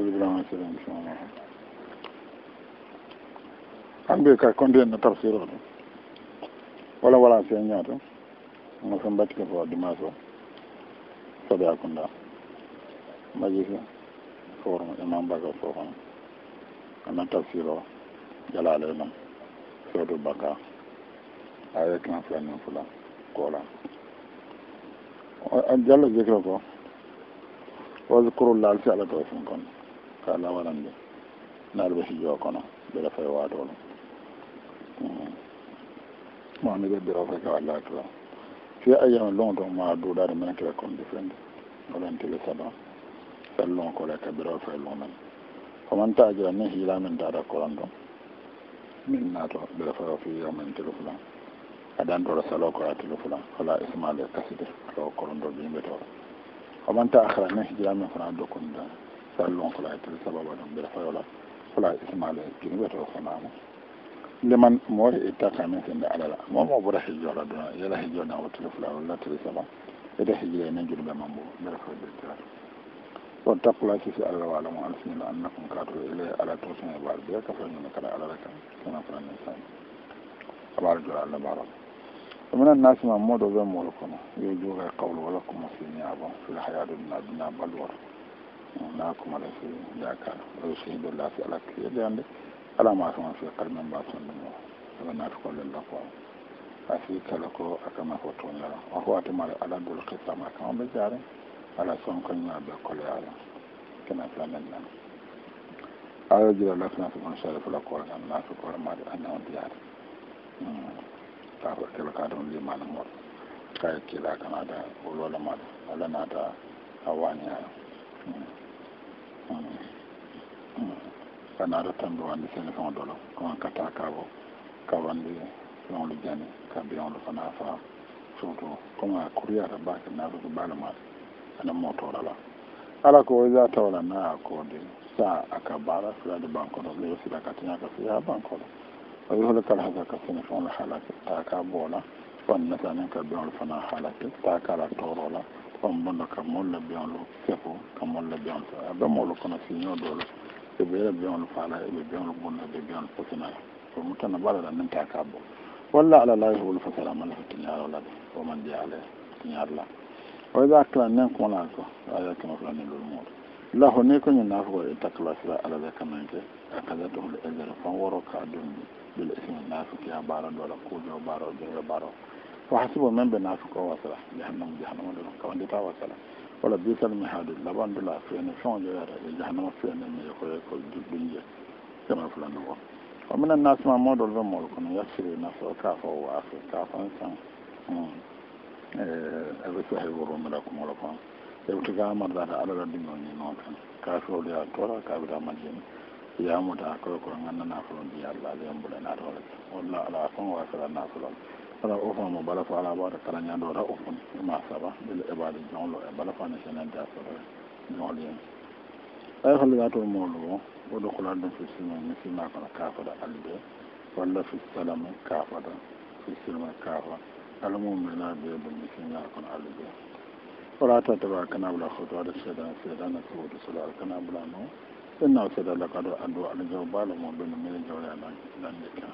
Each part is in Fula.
hawdu bilama sira inchallah hande ka konde no tafsiro ɗum wala wala señato ma sen mbatike fo dimas o soɓe akunda mbajiki for imam e bakar fofon ana tafsiro jalale e ɗum sodu baka ayek na fanin e fula kola jallo jekiro ko wasa kurullal si ala tawasin konde ka ala waɗan de naɗa ɓe hijowa kono ɓeɗa fay watolo hmm. ma mi ɓeddira fay ka walla kala fi ayyami long to ma duɗade mene kira kon defende oɗantile saɗa fen long kole ka ɓiraw fay long men koman tajira ni hiilamin tada koran to min nato ɓeɗa fayo fi yamen tile fulan adantoro salo kora tile fulan ala ismal e kaside ɗo koron to bimɓe toro koman ta akra ni hijiramin fana dokkunde sallon kola itel sababa ɗum mbira fayola kola ismala junuɓe to sonamo liman moori ittaka min sinde alala momo ɓura hijjola duna yala hijjoɗa wottiri fula walla tiri saba ede hijjire ne junuɓe man bo mbira fayoɓe tirato so tappula kisi allah walamo alsinila annakum kato ele ala tosine bar biya ka fañune kada alala kam kena fulani sami abaara jora allah baraka ومن الناس ما مودو بمولكم يوجوه قول ولكم مسلمين أبو في الحياة الدنيا بل ورد la kuma da su ya ka rusu ido lafi ala kiyo da yande ala ma sama fi kalman ba sun dumo daga na tukon lalla ko a fi kala ko a kama ko tun yara a ko a tumari ala dole ka sama kama bai jare ala son kan ya bai kola yara kina filanin nan ala jira lafi na fi kun sharifa la kowar kan na fi kowar ma da an yawon biyar ta fi kala ka don limanin mota kayan kila kana da olola ma da ala na da hawaniya Mm-hmm. kanaɗo tambe wandi sene feŋo dolo koman kata kawo ka wandi feŋolu jani ka beŋolu fana fa soto koma kuriyata bake naɗoto balumate ana motora la ala ko iza tawala na akode sa aka bala bara fulade bankoro leo sila katiñaka fiya bankoro o yohole kala hasa ka sene feŋolu halake ta ka boola fannata nin ka beŋolu fana halake taa kala tɔɔrɔ la fanbonda ka moolu la beŋolu kefo ka moolu la beŋolu fɛ a be moolu kono siñoo doolu e be yere beŋolu faala e be beŋolu bunda e be beŋolu posina la o mu tana bala la nin taa ka bo walla ala la yehulu fasala mala fa tiñaaro la de o man je ala tiñaar la o ida kala nin kola ko aya kema fula ni lolu muuru lahu ni ko ñu naafa ko itakla sira ala la kamanke akadatuhu l ejre fan woro ka dum bil ismi naafi kiya baara doola kuujoo baaro jere baaro وحسب من بنافق وصلا جهنم جهنم دون كون دي تاوا سلا ولا بيس المحاد لبان دلا فين فون جو يارا جهنم فين من يكو يكو دنيا كما فلان هو ومن الناس ما مودل بمول كن يسر نفسه كافه وعافه كافه انسان ebe su haihu ruwan da kuma rafan ya wuce ga amar da alala dinga wani na wata kafin da ya tora ka bi da majin ya mutu a kawai kuran an na fulon biya Allah zai yan bude na da wani wala alafan wasu da na fulon ala ofon mo bala fo ala waɗa kala ñandoɗa ofon ma saba ɓele eɓade jonlo e bala fo ane senente a sotore ñoolien ay halliga to moluo woɗo kola ɗum fi silma mi silma kono kafata alde walla fi salame kafata fi silma kafa almumena ɓe ɗum mi silma kono alde wala tattaba kana bula hotoade seeɗan seeɗana sowdu solal kana bula no ɓennaw seeɗa lakaɗo addu alajaw baalo mo ɓeno mine jawyaɗan ɗanɗe ka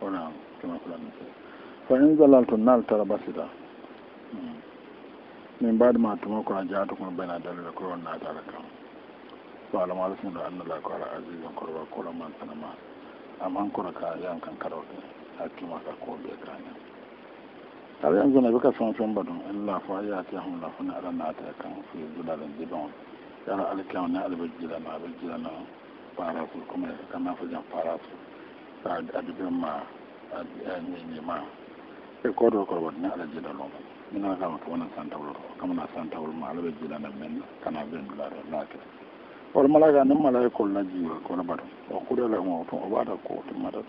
ƙuran kuma ƙuran da ta yi zala tunan tara ba su da min ba da matu na dalil da ƙuran na tara kan ba alama da sun da an lalata ƙwarar azizan ƙwarar ƙwarar man tana ma amma an ƙura ka yan kan karo a kima ko bai ka ne har yanzu na bika son fin badun in lafa ya ce hun lafa ne a ran na ta kan fi zuda da jibin yana alkiyar na albijira na albijira na fara su kuma kan na fi jan fara su sa adi adi ɓemma eh, ajeñima e koto koro watni ala jiɗal om mina kama ko wona santawloto kamana santawol ma alaɓe jiɗana men kana vendulare laake wala malaka nem mala e kolla jiwa kono mbaɗa o kuurela omar tun o waɗa e ko timmata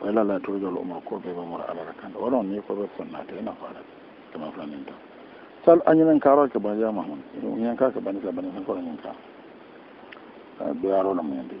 waylala torjol omar koɓe mamora alara kande o ɗon ni koɓe sonnate nafaɗa kama flaninta sal añinen karoke bane yamahun ñankake bane sa bane sen kono ñinka ɓeyarona muyendi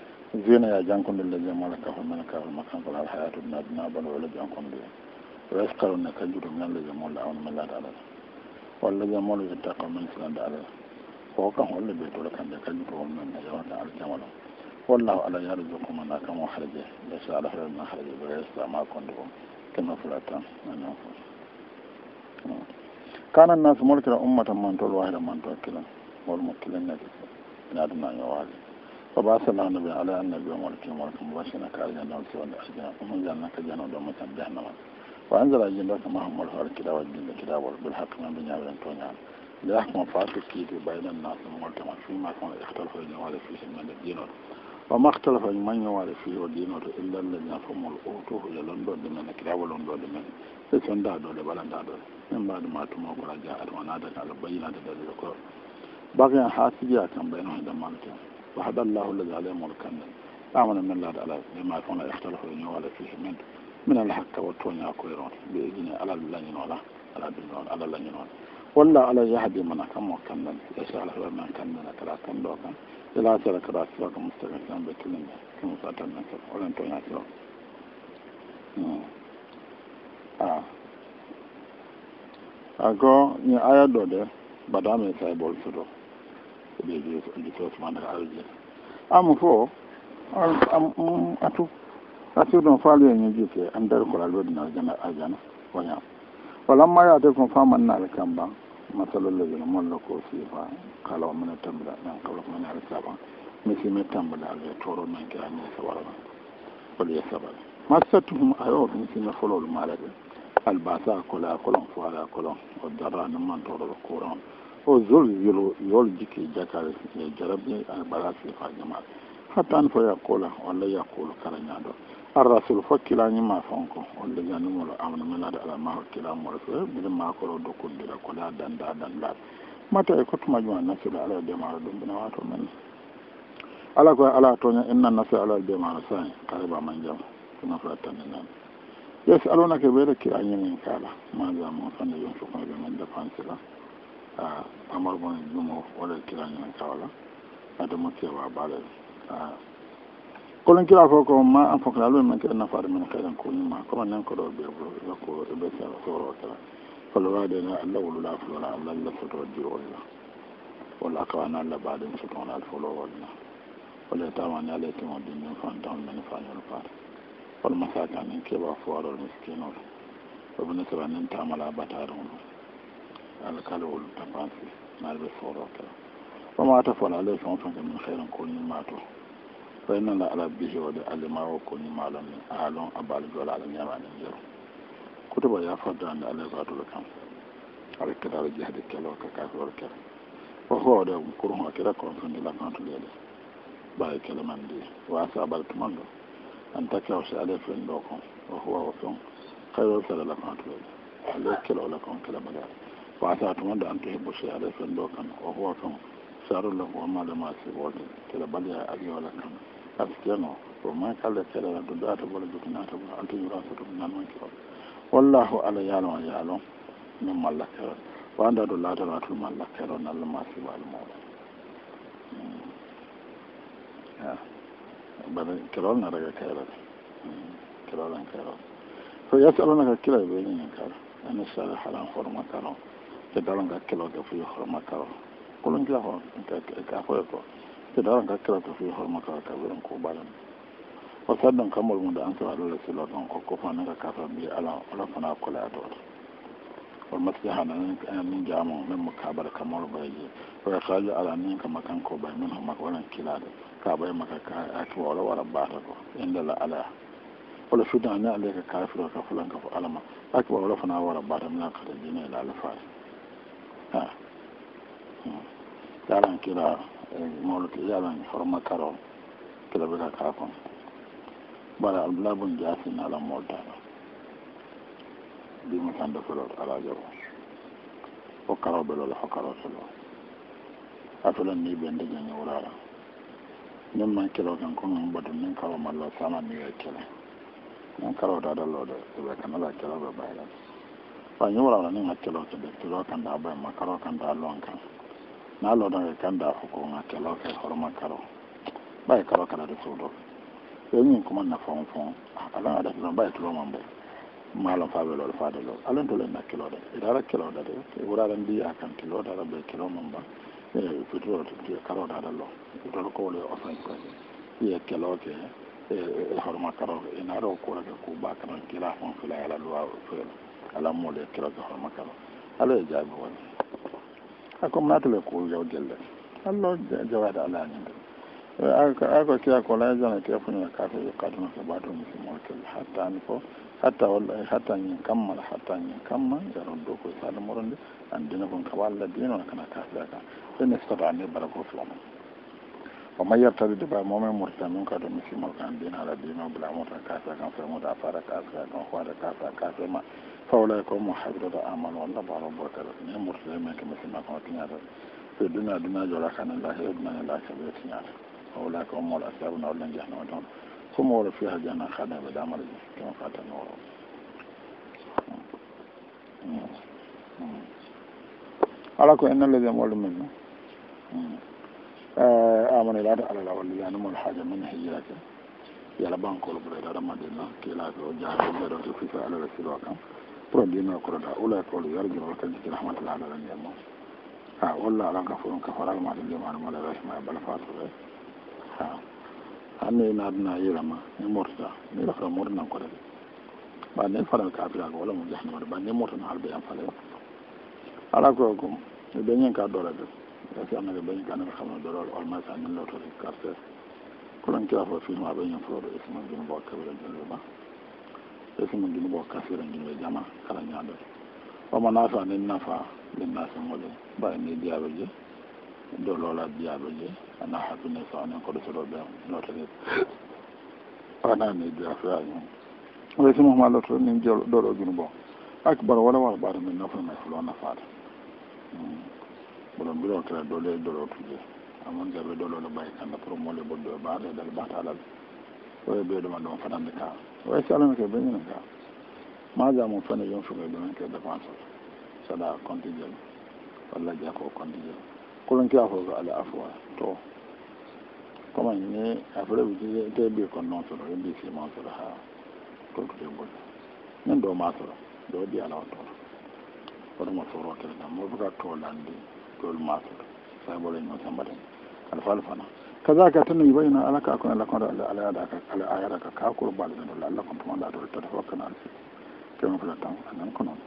زينة يا جانكون دل جمال كافر من كافر مكان كل الحياة الدنيا دنا بل ولا جانكون دل ويسكروا نك جود من دل جمال لاون من لا دل ولا جمال يتقى من سلا دل فوق هول بيت ولا كان دل جود من من جوان دل جمال والله على يرزق من لا كم خرج بس على خير ما خرج بس ما كون دل كم فلاتا من فلاتا كان الناس ملك أمة من تول من تول والمكلين نجد نادم يوالي طبعا سمعنا النبي على أن اليوم والكيوم والكيوم مباشرين كارجا نوكي والأحجام ومنزلنا جعلناك جهنم جهنم وأنزل أجلك ما هم والهور كلا والجل كلا بالحق من بنيا والانتونيا ليحكم فاتك كيتي بين الناس الملتمة فيما كان اختلفوا الجوال فيه من الدين وما اختلف من يوال فيه ودين إلا الذين فهم الأوتوه للندو دمنا كلا ولندو دمنا لكن دادو لبلا دادو من بعد ما تموك رجاء ونادك على بينات ذلك بقي حاسبيا كان بينهم دمانتهم وحد الله الذي عليه ملكا أعمل من الله على لما يكون يختلف بينه ولا فيه من من الحق والتونيا كويرون بإذن على اللين ولا على بالنون على اللين ولا ولا على جهد من كم وكمل يسعى له من كم من كلا كم دو كم إلى سر كلا سر كم مستقيم كم بكلم كم ساتن من كم ولا تونيا كلا آه أكو ني آيات دودة بدأ من سايبول سدو ko ɓe wiyo ko andi kewtuma nder aldi amu fo mm, atu atur ɗon faaluye ñe jufe andere koral wedina jana ajana woñam walamma yaade kon famannaɓe kamba masalo legol molla ko siifa kala o mene tambuɗa ɗen kala ko mene ala saban mi simi tambuɗa ala toro men kirani sawarama oli ye sabal masatuhum ayoɓe mi simi fololu maalade albasa kola kolon fo ala kolon o darra ne mantoro courant fo jol yolo yol jikki jakare e jarabni e e a mbaɗa sifa ñamaɓe hattani fo yakkolo walla yakkolo kala ñaɗo arrasul fo kilañima fonko on leganimolo amna menade ala ma hokkilamol fe eh, mbiɗa makoro dokkondira kola danda dandaɓe mata e kotu majuma nafila ala demaro ɗum mbina wato men ala koye ala toña inna nafi ala demaro sa kareba man jam nafra tanninan e yes alonake ɓeyde kilañimin kala ma jamo fande yon cukoɓe men dépense la Ah, amar bon jumo wala kila nyon tawala adamu kewa bala kolon kila fo ko ma an fokla lo men kala nafar men kala ko ni ma ko nan ko do be bo ko be ta so ro ta kolo wa de na allah wala la fo la allah la fo to di wala wala ka na la ba de so ton al fo lo wala wala ta wa na le ti mo di men fan down men fan yo pa wala masaka men kewa fo ro miskin wala ko ne ta nan ta mala ba ta ro أنا كله هو التفانسي ما البس فورا كلا فما أتفعل عليه فان فان من خير كوني ما تو فإن الله على بيجي ود على ما هو كوني ما لم أعلم أبالي ولا لم يمان يجرو كتب يا فدان على ذات لكم على كذا الجهد كلا وككافر كلا فهو ده مكروه كذا أن fata tuma da an ta hibbu shi a da fin dokan o huwa kan sarun da kuma ma da masu wata ta da baliya a arewa da kan a cikin o ma kala ta da da da ta bala jikin ta bala an ta yi rasa ta bala nan kiwa wallahu ala yalon yalon min mallakar wanda da ladar atul mallakar na masu ba al'umma bada kirol na daga kairar kirolan kairar so ya tsaro na ka kira bai yin kar yana sa halan hormakaron te dalan ka kelo ke fu horma ka kolon kila ho ka ko ko te dalan ka kelo ke fu horma ka ka wurin ko balan o sadon kamol mun da an sa dole su lo don ko ko fa na ka fa bi ala ala fa na ko la to wal maslaha na min jamu min mukabar kamar bayi wa khalu ala min kama kan ko bai min ma wannan kila da ka bai maka ka atu wala wala ba ta ko inda la ala wala shudan na alaka kafiru ka fulan ka fa alama akbar wala fana na wala ba ta min ka da dinin la alfa Hmm. yalan kila eh, mawlut yalan horma karo kila ɓeka kakon bala abdoulah bon jasin ala moltaɗo ɗimo sande felol ala jabo fo karoɓelol fo karo felol a felan ni ɓe ndejani wurara min man kilo kan ko min mbatu min karo malla sana ni e kele min karotaɗalloɗe ɓe kanala kelaɓe bayrat fa yura la ni ka kelo ke kelo kan da ba ma karo kan da lon kan na lo da kan da ko nga kelo ke horma karo ba karo kala da sodo yin kuma na fon fon ala da ba ba tulo man ba malon faɓe loɗo faade lo alan to lenna kiloɗe itara kiloɗe de wuraren mbiya kan kiloɗara ɓe kilo man ba e fitiroto mbiya karoɗaɗa lo itoro kowle o sankoje ɓiye keloke e horma karoke ina ɗo kurake kuɓa kanan kila fon fila ala luwa fela ala moolu ye kira ka horma kala ala ye jaabi woni a comme naata le kuul jaw gelle allah jawaade ala ne a ko kiya ko la jana ke fuña kafe yuqatuna ke baato musimol kelle hatta ani fo hatta wallahi hatta ñin kamma la hatta ñin kamma yaroddo koye saade moronde an dina kon kawa allah diinona kana kafira kan fene sota anni bara ko filama wa ma yertade deba momin murta min ka ɗum misimol kan dina ala diino bula mota kafira kan femuda fara kafira kan da kafira kafe ma فأولئك هم حبطت أعمالهم والله رب وكرت نعم مسلمين كما سمعت وكنياتا في الدنيا دنيا جولا كان الله يدنا الله كبير كنياتا فأولئك هم الأسلام نولن جهنم ثم ولا فيها جنة خالدة بدعم الجنة كما فاتنا نور على كو إن الذي ولوا منه آه، آمن الله على الأولي ولي أنهم الحاجة من هجرته يلا bankol ɓureɗa ramadan na kilaɓe o jaha ɓe ɗo to fifa alala produit nokoroɗa ula tolu yarguiro tan jiki rahmatullah ala ndiya mo ha walla alanka fo ɗum kafaral mata ndiyamaɗa mala rahima e bala fatoɓe ha hanne naduna yirama ni mortuta mirafra mortunan ko ɗen mbanne faral kapirago walla mo jahnode mbanne mortuna halɓe yam fale ala ko kom e beñen ka dorede si annaka beñen ka annaka xamna dorol olmaysa nin lotore carter kolon kira fo fiinma beñen fo ɗo e sima jun bo kaɓira jolluma sai su mun junubo kafirin junube jama kala ñaadol wama nafa nin nafa nin nasenŋole mbawi ni diyaɓe je do loola diyaɓe je ana happiness o anen koɗo soɗo ɓe notere ana ni diya feyañum oye simahma lotto nin ɗoɗo junubo akbar wala wala ɓaata min nafama fulo nafaata boɗon mbiro kira dole doɗo tuje amon jaɓe ɗoɗole ɓayi kanda pour mole ɓoddo e ɓaata e dal ɓaata alal oye ɓeɗuma ɗon fanande kaa ويسألونك بينك ماذا مفن ينفق بينك دفع صدا كنت جل ولا جاكو كنت جل قل انك أفوز على أفوى تو كما إني أفرد بجي تبي كن نوصر يبي في منصر ها كنت تقول من دو ماصر دو دي على وطور ورما صورة كلا مربكا تولان دي كل ماصر سيبولي نوصر مدن الفالفنا kazaka tan yubayna alaka akon alako alaadaka ala ayadaka kakoro baalenol allah kon tuma ndatore tata fakkana alfi kewno fola tan anan ko noon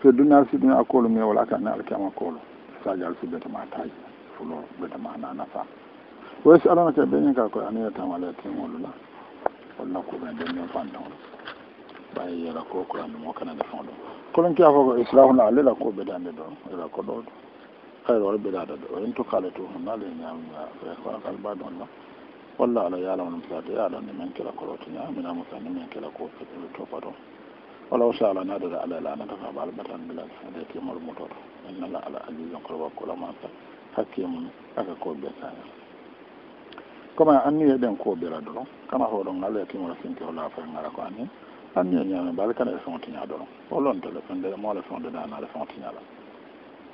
so duniya alfi ɗum akoolo mi wala ka ana alkiama koolo saji alfi betama taji fulo betama na nafa wayso alana ka ɓeñen ka koy aniyatama ala timolula wolna kuɓe ɓeñen fantaolo ɓay yala ko kuranɗumo kanane fon ɗum kolon kiya foko islahuna alela ko ɓeɗande ɗo yala ko ɗo ɗo kayre wala ɓeɗaɗa ɗo en tokale to honnale ñamia kono kal mbaɗon noon walla ala yalamano pilade yaɗande min kela koloto ñaminamo kanni min kela ko topa ɗon wala o sala naɗere ala lanata ka ɓa albatan bilal ade timol mutoto en nala ala alijon kolo wakkola maka hakkimum aka koɓɓetae comme anni eɗen koɓira doron kama hoɗon ala timola finke o laafa gara ko anni anni e ñami mbaɗe kane e fontiña doron o lon téléphone dere mo ala fondedanaale fontiñala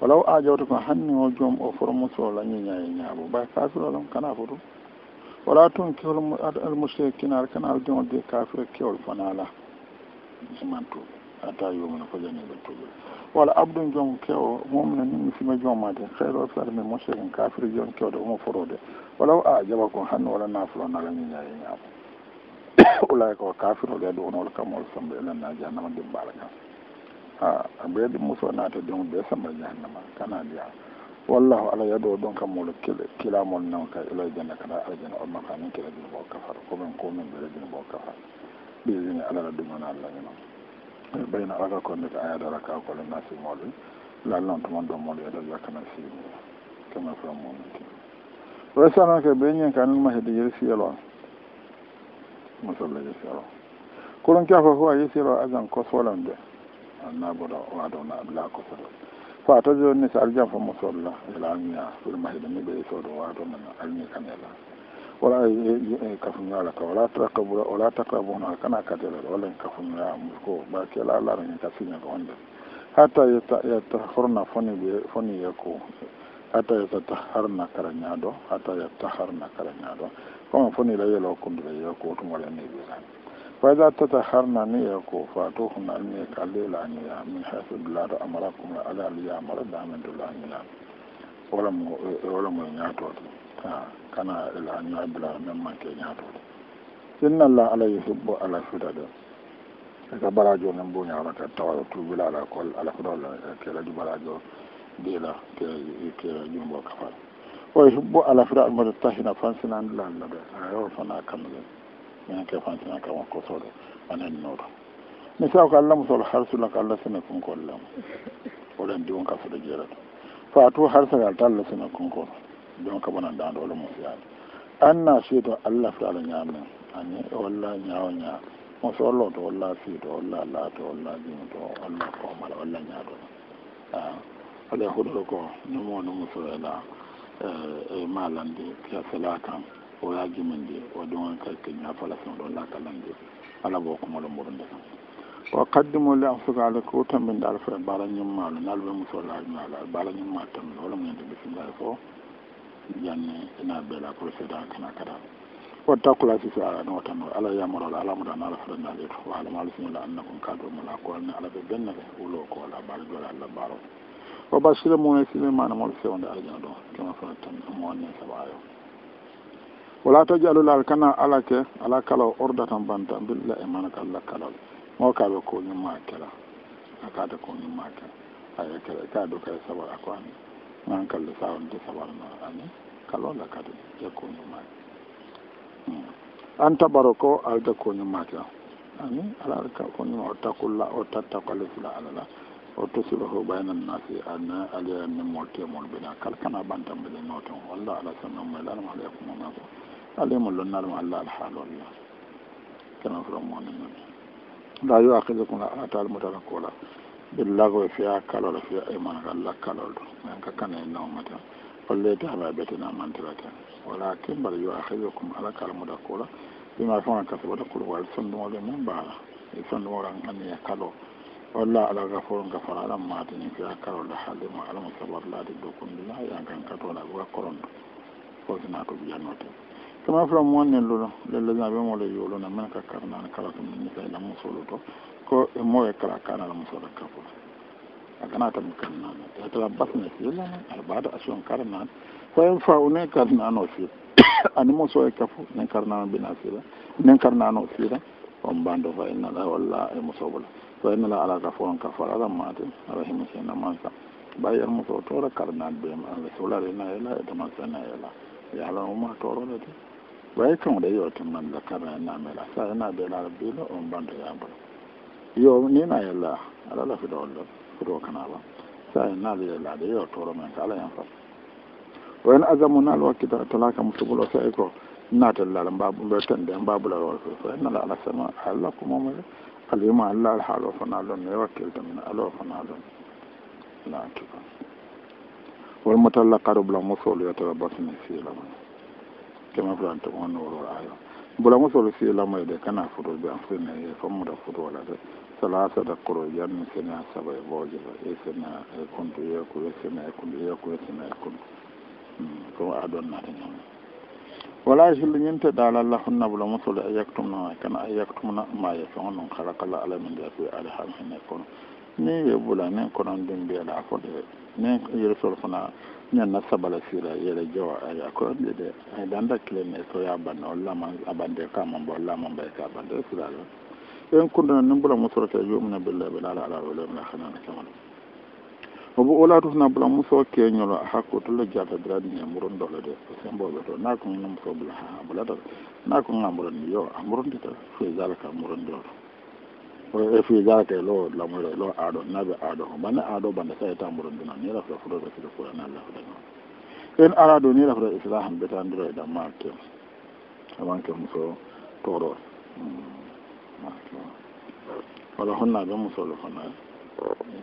walaw ajawto kon hanniho joom o formusoo lañiñaye ñaabo bay kafirolam kana fotu wala toon kehol almusrikinar kana al joom de kafir kewol fanala jimantu ata yomuna fo janiɓe tuɓe wala abdun joom kewo mumne ni mi fima joomade xeyro fatmi musrikin kafir joom kewde omo forode walaw a jaɓa kon hanni wala nafulona lañiñaye ñaabo ulay ko kafirole aɗu onol kamol sambe elannaji annama dimbala kan a ɓeyde muso naata ɗon ɓe samba jahannama kana mbiya wallahu ala yaɗo ɗon kam molo kilamol non ka ila jannda kata alajanna on maka min kiladin bo kafar komin komin ɓeladin bo kafar ɓeyini alala ɗumana allahima e eh, ɓayna alaka konndeka a yaɗa raka kole nasi molo lal noon tuman ɗo molo yaɗa jakkana simi kamen fa momiti restaran ke ɓeñin ka nima hedde yersiyelo musolla yersiyelo kolon kiako ko a yersiyelo agent kosolande annabora o adona ablako foɗo fa to joni so aljan fo mo soodla ela almia ɓuri mahiɗa mi ɓe soodo o adona almi kan ela wala e, e, e, kafuñalaka wala trakabura wala takrabuna kana kadela walla en kafuñoya ko ɓake ala lara en kasiñaka onde hatta yetta yetta horna foni ɓe foni yeko hatta yettata harna kara ñaaɗo hatta yetta harna kara ñaaɗo comme foni la yelo kondure yeko tumalenni ɓe tani فإذا تتخرنا نيكو فاتوخنا نيكا ليلا نيا من حيث البلاد أمركم على لي مرد من دولا نيا ولمو ولمو نياتو كان إلا نيا بلا مما كي إن الله على يحب على فدد إذا براجو نمبو نيا ركا توا يطو بلا ركول على فدد كي لدي براجو ديلا كي كي جنبو كفال ويحب على فدد مرد تحينا فانسنا نلا نبي أيوه فانا كمليه enen ke fantinan kama kosoɗo anen noɗo mi saw ko allah musolo harsula ko allah sene konkol lema oɗen diwon ka soɗo jeerata fatu harsagal ta allah sene konkol don ka bonan dando ola musiyade anna fiito allah fitaala ñamen ani walla ñawa ña musollo to walla fiito walla laato walla jimu to walla komala walla ñaatoo a ala huɗoro ko numo no musoyela e eh, eh, malandi piasela kan o y'a jumin de o don ka kenya fala kan don la kalan de ala b'o kuma lon murun da kan wa qaddimu li anfusika ala ko tan min dal fa bala nyum ma na lu mu so la na la bala nyum ma tan wala mun de bismillah ko yanne ina bela ko se da kana kada wa taqula fi ala no tan ala ya mara ala mu da na fa na le wa ala ma lu la annakum kadu mu la ko ala be benna be ulo ko ala bala jola ala baro wa basira mu ne sile mana mo se on da ala jana do kama fa tan mo ne sabayo wala to jalulal kana ala ke ala kala o ordatan banta billa e manak allah kalal moo kaɓe koñumma kela akaata koñumma kela aya kela ka do kay sabar ako ani man kalle sawante sabarno ani kalola kadi ye koñummake hmm. an tabaro ko alda koñummake ani alaa koñuma o takulla o tattakale fula alala o tosiro ho ɓaynan nasi ana aliyanni moltemol bina kala kana bantambiɗe noten walla ala sanomaylalam e alaykum amakum على يمل النار مع الله الحال والله كما فرمون لا يؤاخذكم أتى المتنقلة باللغو فيها كالول فيها إيمانك الله كالول منك كان إنهم متنقلة فليت على بيتنا من تلاتين ولكن بل يؤاخذكم على كالمتنقلة بما فعل كسبت قلوب الصندوق لمن بعد الصندوق أن يكالو walla ala gaforon gafara alan matini fi a karo da halima alama sabar ladi dokun bila yankan kato na buga koron ko sina to biya notin kema fula mo ne lolo lelo na be mo le yolo na men ka karna na kala to ni ka la mo solo to ko e mo e kala kana la mo solo ka ko a kana ta mo karna na e ta bas ne ti la na al bada asion karna na ko en fa une karna no si ani mo so e ka fu ne karna na bina si la ne karna no si la on bando fa ina la wala e mo so bola to ina la ala ka fu on ka fa la ma te rahimu si na man sa bay yar mo so to la karna be ma la so la re na e la e ta ma sa na e la yalla o ma to ro ne te way kaŋo de yewtu man la kara namela sa ena de la bilo on bando yambra yo nina yalla ala la fido lo fido kanaba sa ena de la de yo toro men kala yam fa wen azamu na lo kita tala kam tubulo sa eko nata la la babu be tan de babu la wol fo ena la ala sama ala ko momo ala yuma ala al halo fa na lo ne wakil tan ala fa na lo na tuba wal mutallaqatu bil musul yatabassu fi lamana kɛmɛ fila ni tɔgɔ n'olu la yɔ bulamuso si lamɔ ye dɛ kana foto bi an filɛ nin ye famu da foto la dɛ salasa da kɔrɔ yanni ni sɛnɛya saba ye bɔ jɛla e sɛnɛya e kuntu e ko e sɛnɛya e kuntu e ko e sɛnɛya e kuntu ko a dɔn na ta ɲɔgɔn wala yahillu ñin te daalal lahunna bula musole a yaktumna kana a yaktumna ma ye feŋo nun halakala ala min de kuy ala ham hene kono ni ye bula nin konon dum mbiyala fo de nin yerisol fana nana sabala sira yere jowa aya koɗiɗe aydanda kilene so yabanne o lama abande kama mbo lama mbay ka abande sira ɗon en kurdana nin bula musorote jumina billahi ɓen ala ala wolemna hanana kamal obo olatufna bula muso keñol hakku tolle jata diraɗine mburon dole de sembooɓe to nakoni muso bula ha bulatal nakoga mburani yo a mburondita fo zalaka mburondi oto efigate lo lamore lo aɗo naɓe aɗo ko bande aɗo bande sa e tamborodino ni rafra fuɗoɗo kito furana lafdano en arado ni rafra islaham ɓetandiro e ɗammake amanke muso toro wala honnaɓe musolo fana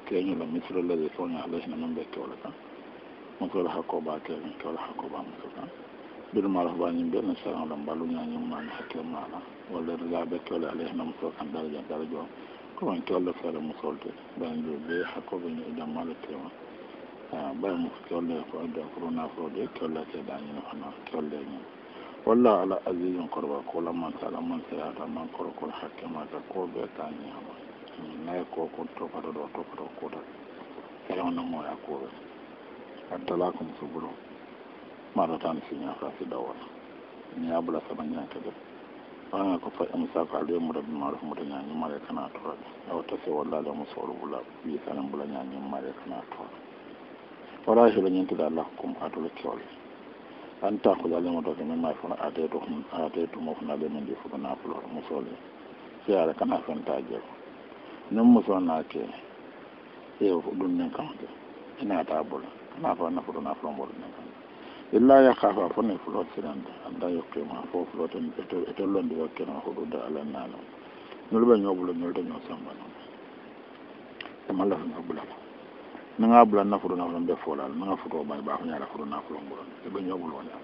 keñula misro lade soña alasina men ɓe kewle kan musolo hakkoba keɓe kewle hakkoba muso kan ɓiɗum alahabañum mbiyeɗen sarano ɗon mballuñañummani hakkil maɗa walla laaɓe kewle alay hno muso kam daraja daradio koman kewle feere musolde ɓayndu be hakkoɓeñi e jam maɗa kewa ah, ɓay mu kewle koɗakoro e nafrode kewle keɗañin hono kewleñin walla ala asijum korba kolamman salamman seyataman korokol hakke maka ko ɓetañiama nayi koko tokata ɗo tokata kuta hewnamoya kuɓe addalakum suburo maɗotano siña fa si ɗawoto mi yaabula saba ñanke de waga ko faƴa e mo sako e aluye mo rabi maɗo mboto ñañi mare kana toroɓe yaw tase wallaale mo sowlo bula wisane mbula ñañi mare kana toro wala helo ñentude allah kom adolo keole anta ko lalemo doke min mari fono ade do ade tumo fono alemo ndi foto nafuloro mo sole fiyare kana fenta jeego nom mo sonake e ɗum nen kamde ina ta bula kana fa nafoto nafulo mboɗo nen kam illa yakkafa fone flotirande anda yokkima fo floten e tollondi wakkeno huɗude alannano nulɓe ñoɓulo ñolde ño samba non amalla to ñoɓulama nanga bula nafuru nafulo be folal nanga futo ma ɓa foñala fuɗu nafulo ɓuron eɓe ñoɓuloña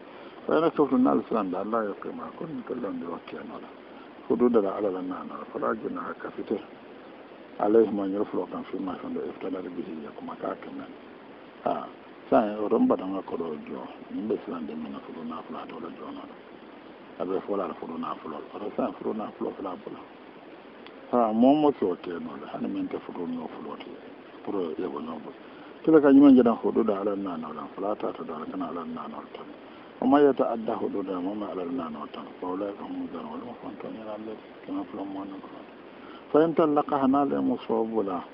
fayna softu nal sirande alla yokkima kon tollondi wakkenola huɗudela alalannano fala jina hakkafite alayhima ñol fulo kam fimma fondo eftanar bisiyakuma kake men a ah. sen o ton mbaɗanga koɗo jo min ɓe silandemina foɗo nafula toɗo jonoɗo aɓe folaɗa foɗo nafulol oto sen foɗo nafulo fula bula ha momo sookenoɗo hani min te fotoño fuloti pour yeɓoñobo kila ka ñumen jeɗan hoɗuɗo alal nanoɗan fula tata ɗo ala kana alal nanol tan o mayeta adda hoɗuɗo mome alal nanol tan fawlay ko mugan walma fantoñalalle kena fulamoni fayin tan laka hanale mu soo bula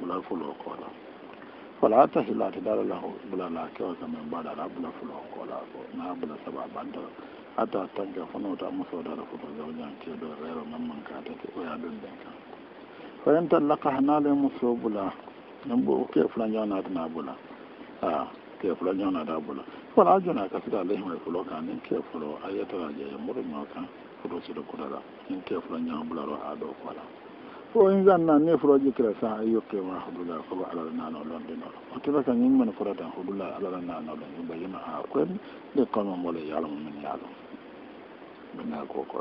bula fulo koɗo fala ta hilata dara lahu bula la kewa kama ba da rabula fulo ko la ko na bula saba banda ata tanga funo ta muso da fulo da wajen ke do rero nan man ka ta ke oya don da ka fa yan talaka hanale muso bula nan bo ke fulan jana na bula a ke fulan jana da bula fala jana ka sida lehin mai fulo ka nin ke fulo ayata ya murma ka fulo su da kudara nin ke fulan jana bula ro a do kwala ko in zan na ne furoji kira sa ayo ke wa hudula ko ba ala na no lon dino o tira kan yin man furata hudula ala na no lon ba yima ha ko de ko mo mole yalo mo min yalo bina ko ko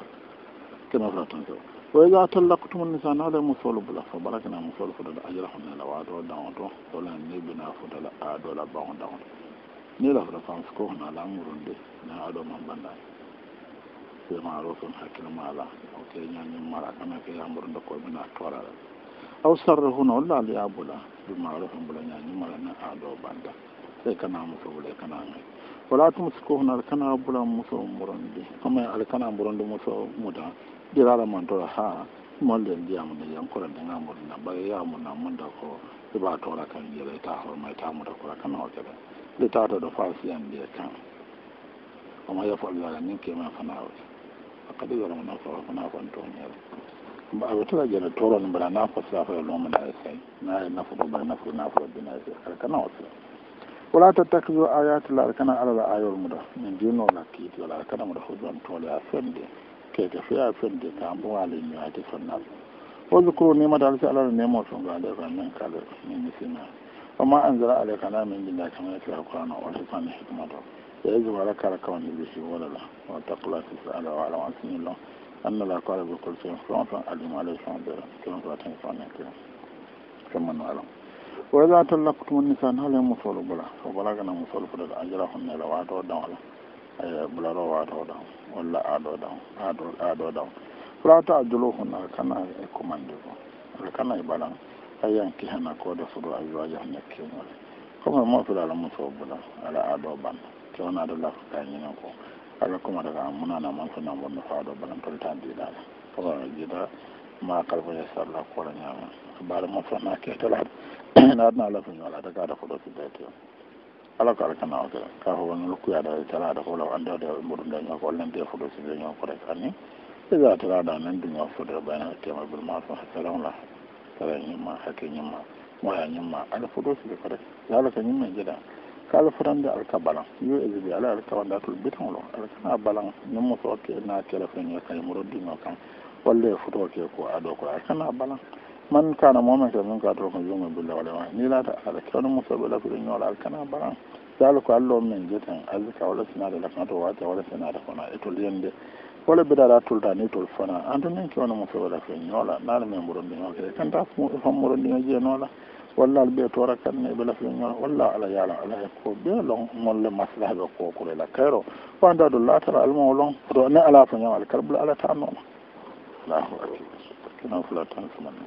ke ma furata ko wa idha talaqtum an-nisa na la musul bula fa barakna musul fa da ajra hunna la wa do da on to to la ne bina fu da la a do la ba on da on ni la furata ko na la murunde na ado man banda maro toon hakkille ma ala ote ñami mara kamen ke yamboro dokkoy mena torara aw sarre huno laal yabula du maro hon bula ñani marana ado banda te kana moto wule kana ŋe wala tum siko huno al kana bula muso morondi ama al kana morondi muso muda jirala mantora ha mol den ndiyamu ne yankora denga morina bage yamuna munda ko eɓa tora kan jira ta horma ta muta kora kana o kebe le tata do fasiyandie kan oma yafo allah ga ninkeme fanawe hakkade yo ɗumno fawa kona kon toñere mbawa tala jene torono mbaɗa nafosa fa lomana sen naye nafoto e mbaɗa nafo nafoto dina se ara kana o sa wala ta takjo ayatilla ara kana alala ayol muɗa min jinno lakkiti wala ara kana muɗa ho joon toole a fende keke feya fende kambo wala ñoyati fonnal o jokro nimadal si alala nemo to ga nde fa min kala min misima oma anzara ala kana min jinda kamaytila qurana o hefani hikmatoo فيجب عليك على كونه يبسي ولا لا واتق الله تسأله وعلى وعسين الله أن لا قال بكل شيء فلانفا أجم عليه فانبيرا كما فاتن فانيا كما كما نعلم وإذا تلقتم النساء هل يمصول بلا فبلغنا مصول لو أجرهن لوعد أي بلا رو روعد ودولا ولا أعد ودولا أعد ودولا فلا تعجلو تعجلوهن كما كماندولا كما يبالا أي هنا أيانكهن كود أجواجه أزواجهن مولي كما ما في العالم مصول بلا على أعد بلا kewna ɗo lafta ñina ko ala kuma daga munana mansona bonno faɗo balantol ta diɗala pour jiɗa ma kalfoya sarla kola ñama baɗa mansona ketolaɗa naɗna lafu ñola daga ada ko ɗo fiɓete ala ko ala kana oke ka fowono lukkuyaɗa e talaɗa ko law andeode mboɗumde ño ko lente fuɗo sinde ño kore kanni ida talaɗa nende ño fuɗo ɓayna e e tema bil maso hakkelamla tara ñimma hakke ñimma moya ñimma ala fuɗo sinde kore yalaka ñimme jeɗa kala fotande alka balan yo exibi ala alka wandatul bitanlo alkana balan nimmotoke na téléphone kan moroddino kan walla e fotoke ko aɗo ko alkana balan man kana momen ke min kato ko jume bulla wala wa ni lata ala kewno musoɓe lakude ñoola alkana balan dalo ko allo min jeten alika walla sinade lakanato wata walla sinade kona étole e yende walla mbiɗa aɗa tolta ni tol fana anto min kewno mo fewaɗa ke ñoola naana min mboronɗima kede kanta fomoɗo fam mboronɗima jeenoola walla al ɓee tora kadne ɓe lafe ñoola walla ala yaala ala hekko ɓe lon molle maslahaɓe kokolela kayro fo anda ɗo laatara almao lon to ne ala fo ñamal kalabula alatanoma allahu akbar kino fula tan fumanni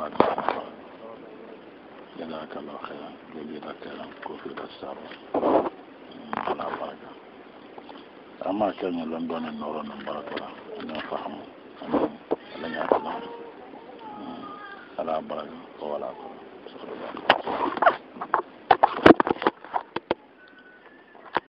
ba da haka yana aka lauka ya gobe da karan kofi da tsaro ana baga amma kan yi lambanin nauran nan ba da ala baga